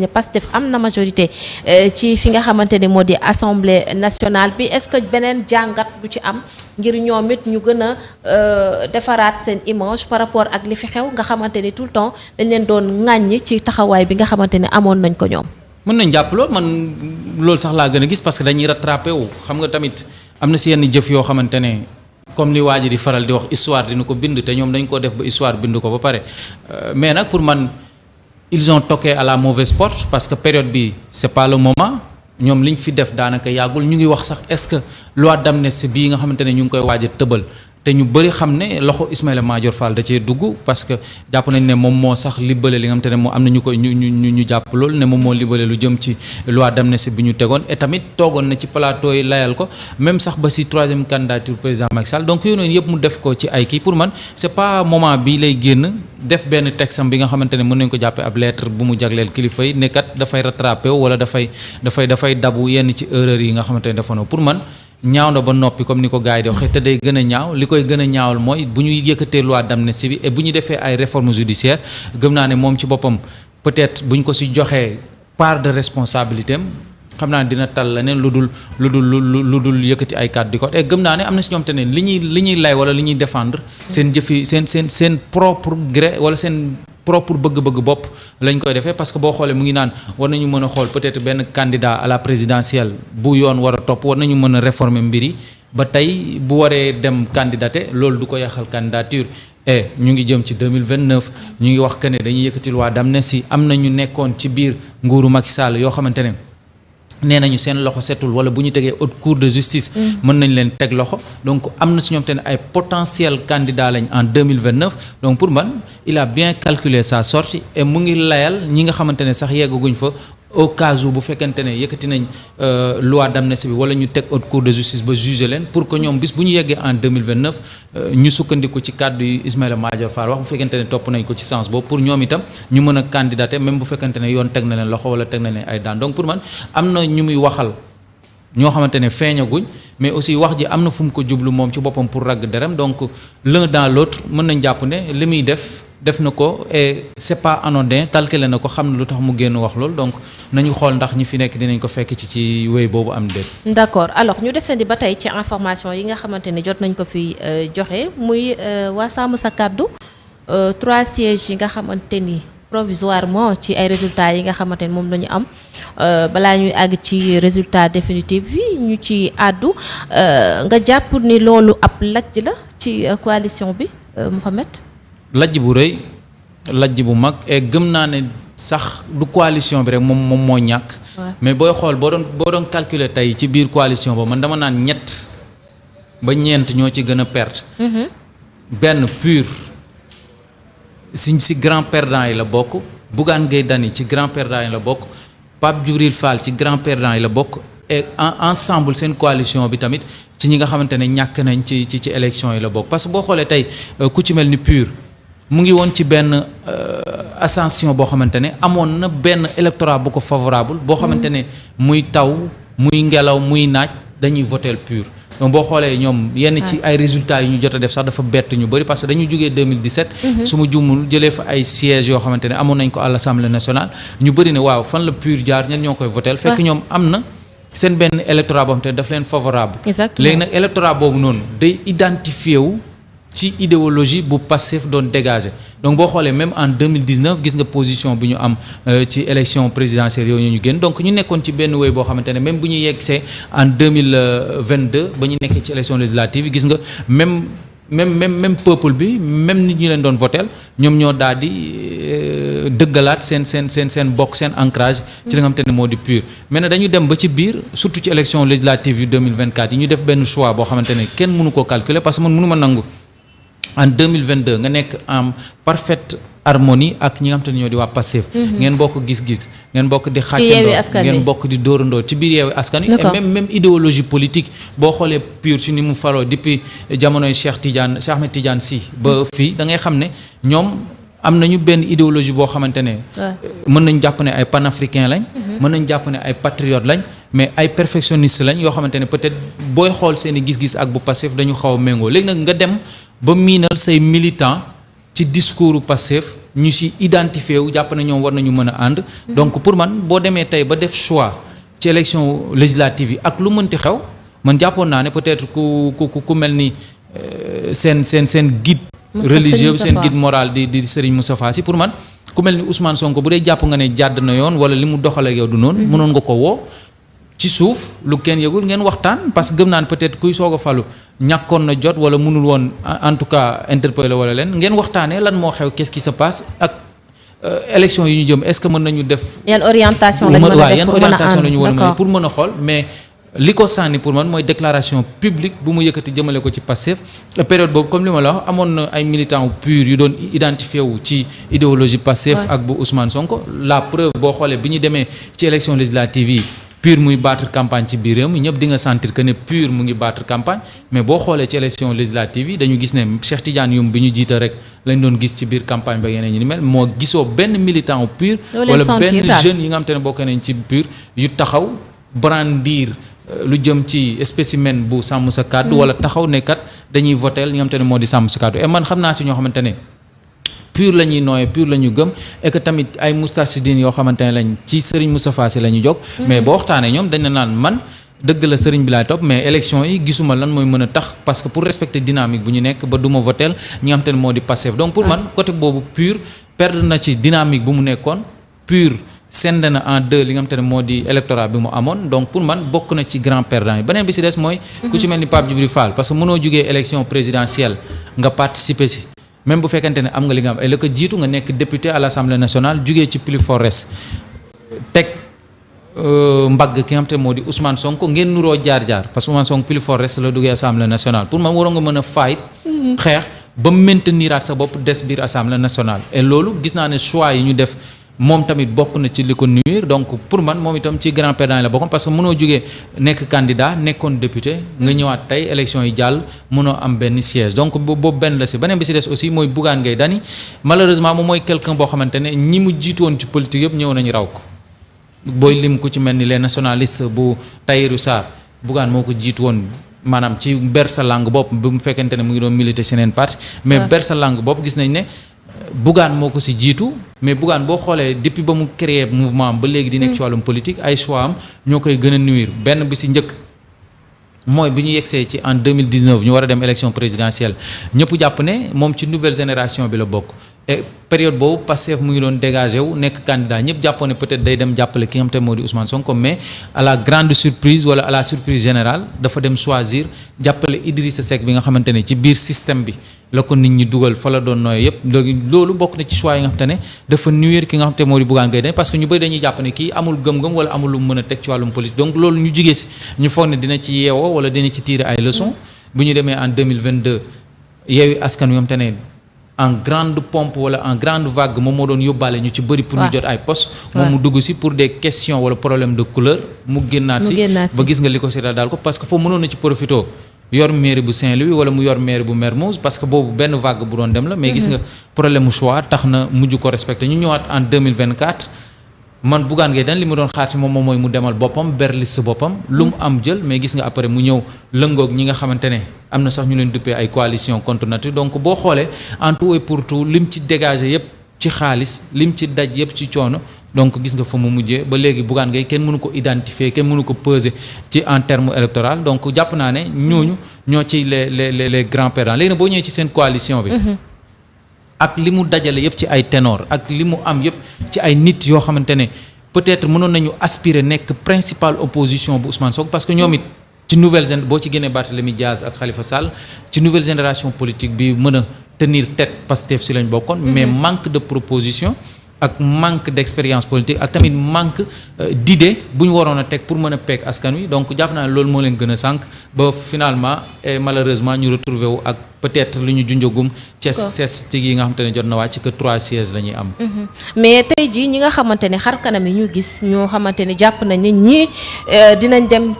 ne Pastef am na majorité euh, ci fi nga xamante ne moo di assemblée nationale bi est-ce que beneen jàngat bu ci am ngir ñoom it ñu gën a euh, defaraat seen image par rapport ak li fi xew nga xamante ni tout le temps dañ leen doon ŋàññ ci taxawaay bi nga xamante ne amoon nañ ko ñoom. mën nañ jàpp loolu man loolu sax laa gën a gis parce que dañuy rattrapé wu xam nga tamit am na si yenn jëf yoo xamante ne comme li waa ji di faral di wax histoire dina ko bind te ñoom dañ koo def ba histoire bind ko ba pare euh, ils ont toqué la mauvaise porte parce que période bi c'est pas le moment ñoom li ñu fi def daanaka yàggul ñu ngi wax sax est-ce que loi d'amnistie bii nga xamante ne ñu ngi koy waaja a tëbal te ñu bëri xam ne loxo Ismaïla Madior Fall da cee dugg parce que jàpp nañ ne moom moo sax libbale li nga xam te ne moo am na ñu ñu ñu ñu jàpp lool ne moom moo libbale lu jëm ci loi d'amnistie bi ñu tegoon et tamit toogoon na ci plateau yi layal ko même sax ba si troisième candidature président Macky Sall donc yooyu noonu yëpp mu def ko ci ay kii pour man c'est pas moment bi lay génn def benn texte am bi nga xamante ne mën nañ ko jàppee ab lettre bu mu jagleel kilifa yi dafay rattrapé wala dafay dafay dafay dabu yenn ci erreur yi nga xamante ne defoon pour man ñaaw na ba noppi comme ni ko gars yi te day gën a ñaaw li koy gën a ñaawal mooy bu ñu yëkkatee loi d'amnistie bi et bu ñu defee ay réformes judiciaires gëm naa ne moom ci boppam peut-être bu ñu ko si joxee part de responsabilité am xam naa ne dina tal leneen lu dul lu dul lu dul yëkkati ay kàddu di ko et gëm naa ne am na si ñoom te neen li ñuy li ñuy lay wala li ñuy defendre seen jëfi seen seen seen propre gré wala seen propre bëgg-bëgg bopp lañ koy defee parce que boo xoolee mu ngi naan war nañu mën a xool peut-être benn candidat à la présidentielle bu yoon wara topp war nañu mën a réformer mbir yi ba tey bu waree dem candidaté loolu du ko yàqal candidature e ñu ngi jëm ci 2029 ñu ngi wax que ne dañuy yëkkati loi d'amnistie am na ñu nekkoon ci biir nguuru mag Sall yoo xamante ne nee nañu seen loxo setul wala bu ñu tegee haute cour de justice. Mm. mën nañ leen teg loxo donc am na si ñoom te ne ay potentiel candidat lañ en deux mille vingt neuf donc pour man il a bien calculé sa sortie et mu ngi layal ñi nga xamante ne sax yeggaguñ fa au cas bu fekkente ne yëkkati nañ euh, loi d'amnistie bi wala ñu teg haute cour de justice ba juger leen pour que ñoom bis bu ñu yeggee en 2029 euh, ñu sukkandiku ci kàddu yi Ismaïla Madior Fall wax bu fekkente ne topp nañ ko ci sens boobu pour ñoom itam ñu mën a candidater même bu fekkente ne yoon teg na leen loxo wala teg na leen ay daan donc pour man am na ñu muy waxal ñoo xamante ne feeñaguñ mais aussi wax ji am na fu mu ko jublu moom ci boppam pour ragg derem donc l'un dans mën nañ jàpp ne li muy def def na ko et c'est pas anodin calculé na ko xam ne lu tax mu génn wax loolu donc nañu xool ndax ñi fi nekk dinañ ko fekk ci ci wéy boobu am déet. d'accord alors ñu desandi ba tey ci information yi nga xamante ne jot nañ ko fi euh, joxe muy euh, waa Sàmm Sa Kàddu euh, trois sièges yi nga xamante ni provisoirement ci ay résultats yi nga xamante ni moom la ñu am balaa ñuy àgg ci résultat définitif yi ñu ci àddu nga jàpp ni loolu ab lajj la ci coalition bi Mouhamed. lajj bu rëy lajj bu mag et gëm naa ne sax du coalition bi rek moom moom moo ñàkk. mais booy xool boo doon boo doon calculer tey ci biir coalition ba man dama naan ñett ba ñeent ñoo ci gën a perte. Mm-hmm. benn pur si si grand perdant yi la bokk Bougane Gueye Dany ci grand perdant yi la bokk Pape Djibril Fall ci grand perdant yi la bokk et ensemble seen coalition bi tamit ci ñi nga xamante ne ñàkk nañ ci ci ci élection yi la bokk parce que boo xoolee tey euh, ku ci mel ni pur. mu ngi woon ci benn euh, ascension boo xamante ne amoon na benn électorat bu ko favorable boo xamante ne muy taw muy ngelaw muy naaj dañuy voter pur donc boo xoolee ñoom yenn ci ay résultats yu ñu jot def sax dafa bett ñu bëri parce que dañu jógee 2017 mhm. su ma juumul jëlee fa ay sièges yoo xamante ne amoon nañ ko à l'Assemblée nationale ñu bëri ne waaw fan la pur jaar ñen ñoo koy votel fekk ñoom am na seen benn électorat boo daf leen favorable léegi nag électorat boobu noonu day identifié wu ci idéologie bu Pastef doon dégagé donc boo xoolee même en 2019 gis nga position bi ñu am euh, ci élection présidentielle yooyu ñu génn donc ñu nekkoon ci benn wéy boo xamante ne même bu ñu yeggsee en 2022 ba ñu nekkee ci élection législative gis nga même même même même peuple bi même nit ñu leen doon votel ñoom ñoo daal di euh, dëggalaat seen seen seen seen bokk seen ancrage ci li nga xamante ne moo di pur mais nag dañu dem ba ci biir surtout ci élection législative yu 2024 yi ñu en 2022 nga nekk en parfaite harmonie ak ñi nga xam ñoo di waa Pastef mhm. ngeen bokk gis-gis ngeen bokk di xàccandoo ngeen bokk di dóorandoo ci biir yeewi askan wi et même même idéologie politique boo xoolee pur ci ni mu faroo depuis jamonoy Cheikh Tidiane Cheikh Ahmed Tidiane Sy ba mhm. fii da ngay xam ne ñoom am nañu benn idéologie boo xamante ne euh, mën nañ jàpp ne ay panafricain lañ mhm. mën nañ jàpp ne ay patriote lañ mais ay perfectionniste lañ yoo xamante ne peut-être booy xool seen i gis-gis ak bu Pastef dañu xaw a méngoo léegi nag nga dem ba miinal say militant ci discours Pastef ñu si identifié wu jàpp na ñoom war nañu mën a ànd. donc pour man boo demee tey ba def choix ci élection législative yi ak lu mënti xew man jàppoon naa ne peut-être ku ku ku mel ni euh, seen seen seen guide. religieux seen guide moral di di Serigne Moustapha Sy pour man. ku mel ni Ousmane Sonko bu dee jàpp nga ne jàdd na yoon wala li mu doxal ak yow du noonu. Mhm. mënoon nga ko woo ci suuf lu kenn yëgul ngeen waxtaan parce que gëm naan peut-être kuy soog a ñàkkoon na jot wala mënul woon en tout cas interpellé wala leen ngeen waxtaanee lan moo xew qu'est-ce qui se passe ak euh, élection yi ñu jëm est-ce que mën nañu def. yan orientation lañu mën a def pour mën a ànd pour mën a xool mais. li ko sànni pour man mooy déclaration publique bu mu yëkkati jëmale ko ci Pastef période boobu comme li ma la wax amoon na ay militants pur yu doon identifié wu ci idéologie Pastef ak bu Ousmane Sonko la preuve boo xoolee bi ñu demee ci élection législative yi PUR muy battre campagne ci biir réew mi ñëpp di nga sentir que ne PUR mu ngi battre campagne mais boo xoolee ci élection législative yi dañu gis ne Cheikh Tidiane Youm bi ñu jiite rek lañ doon gis ci biir campagne ba yeneen ñu ni mel moo gisoo benn militant wu PUR wala benn jeune yi nga xam te ne bokk nañ ci PUR yu taxaw brandir euh, lu jëm ci spécimen bu sàmm sa kàddu mm. wala taxaw nekkat kat dañuy votel ñi nga xam te ne moo di sàmm sa kàddu et man xam naa si ñoo xamante ne pur la ñuy nooyee pur la ñu gëm et que tamit ay moustarchidine yoo xamante ne lañ ci Serigne Moustapha Sy la ñu jóg mm-hmm. mais boo waxtaanee ñoom dañ naan man dëgg la sëriñ bi laay topp mais élection yi gisuma lan mooy mën a tax parce que pour respecter dynamique bu ñu nekk ba du ma votel nga xam te moo di Pastef donc pour ah. man côté boobu pur perdre na ci dynamique bu mu nekkoon pur send na en deux li nga moo di électorat bi mu amoon donc pour man bokk na ci grand perdant yi beneen bi si des mooy ku mm-hmm. ci mel ni Pape Djibril Fall parce que mënoo jugee élection présidentielle nga participer si même bu fekkente ne am nga li nga am et la ko jiitu nga nekk député à l' assemblée nationale jugee ci plus fort teg euh, mbagg ki nga xam moo di Ousmane Sonko ngeen nuroo jaar-jaar parce que Ousmane Sonko plus fort la duggee assemblée nationale pour man waroon nga mën a fight mm-hmm. xeex ba mainteniraat sa bopp des biir assemblée nationale et loolu gis naa ne choix yi ñu def moom tamit bokk na ci li ko nuir donc pour man moom itam ci grand perdant yi la bokkoon parce que mënoo jógee nekk candidat nekkoon député nga ñëwaat tey élection yi jàll mënoo am benn siège donc boobu benn la si beneen bi si des aussi mooy Bougane Gueye Dany malheureusement moom mooy quelqu'un boo xamante ne ñi mu jiitoon ci politique yëpp ñëw nañu raw ko booy lim ku ci mel ni leen nationalistes bu Tahirou Sarr Bougane moo ko jiitu woon maanaam ci ber sa langue bopp bu fekkente ne mu ngi doon militer seneen parti mais ber sa langue bopp gis nañ ne Bougane moo ko si jiitu mais Bougane boo xoolee depuis ba mu créer mouvement am ba léegi di nekk ci mm. politique ay choix am ñoo koy gën a nuir benn bi si njëkk mooy bi ñu yegsee ci en 2019 ñu war a dem élection présidentielle ñëpp jàpp ne moom ci nouvelle génération bi la bokk et période boobu Pastef mu ngi doon dégagé wu nekk candidat ñëpp jàppoon ne peut-être day dem jàppale ki nga xam te moo di Ousmane Sonko mais à la grande surprise wala à la surprise générale dafa dem choisir jàppale Idrissa Seck bi nga xamante ne ci biir système bi la ko nit ñi dugal fa la doon nooyoo yëpp léegi loolu bokk na ci choix yi nga xamante ne dafa nuire ki nga xamante moo di Bougane Gueye Dany parce que ñu bëri dañuy jàpp ne kii amul gëm-gëm wala amul a teg ci wàllum politique donc loolu ñu jigee si ñu foog ne dina ci yeewoo wala dina ci tirer ay leçons ñu demee en 2022 yeewi askan wi nga xamante ne en grande pompe wala en grande vague moom moo doon yóbbaale ñu ci bëri pour ñu jot ay moom mu dugg si pour des questions wala problème de couleur mu génnaat si ba gis nga li ko seetal daal ko parce que foofu mënoon na ci profité yor mairie bu Saint-Louis wala mu yor mairie bu Mermoz parce que boobu benn vague bu doon dem la mais gis mhm. nga problème mu choix tax na mujj ko respecté ñu ñëwaat en 2024 man Bougane Gueye Dany li ma doon xaar moom moom mooy mu demal boppam berlis sa boppam lu mu am jël mais gis nga après mu ñëw lëngoog ñi nga xamante ne am na sax ñu leen duppee ay coalition contre donc boo xoolee en tout et pour tout lim ci dégagé yépp ci xaalis lim ci daj yëpp ci coono donc gis nga fa mu mujjee ba léegi buggaan Gueye kenn mënu ko identifier kenn mënu ko peser ci en terme électoral donc jàpp naa ne ñooñu ñoo ciy les les les grands perdants léegi boo ñëwee ci seen coalition bi mm-hmm. ak li mu dajale yëpp ci ay ténor ak li mu am yëpp ci ay nit yoo xamante ne peut-être mënoon nañu aspirer nekk principale opposition bu Ousmane Sonko parce que ñoom it ci nouvelle gen boo ci génnee Barthélemy Diaz ak Khalifa Sall ci nouvelle génération politique bi mën a tenir tête Pastef si lañ bokkoon. Mhm. mais manque de proposition. ak manque d'expérience politique ak tamit manque euh, d'idée bu ñu waroon a teg pour mën a peeg askan wi donc jàpp naa loolu moo leen gën a sànq ba finalement et ñu retrouver wu ak. peut-être lu ñu junjagum ces ces yi nga xamante ne jot na wàcc que trois sièges la am mhm. mais tey jii ñi nga xamante ne xar kanam yi ñu gis ñoo xamante ne jàpp nañ ne ñii euh, dinañ dem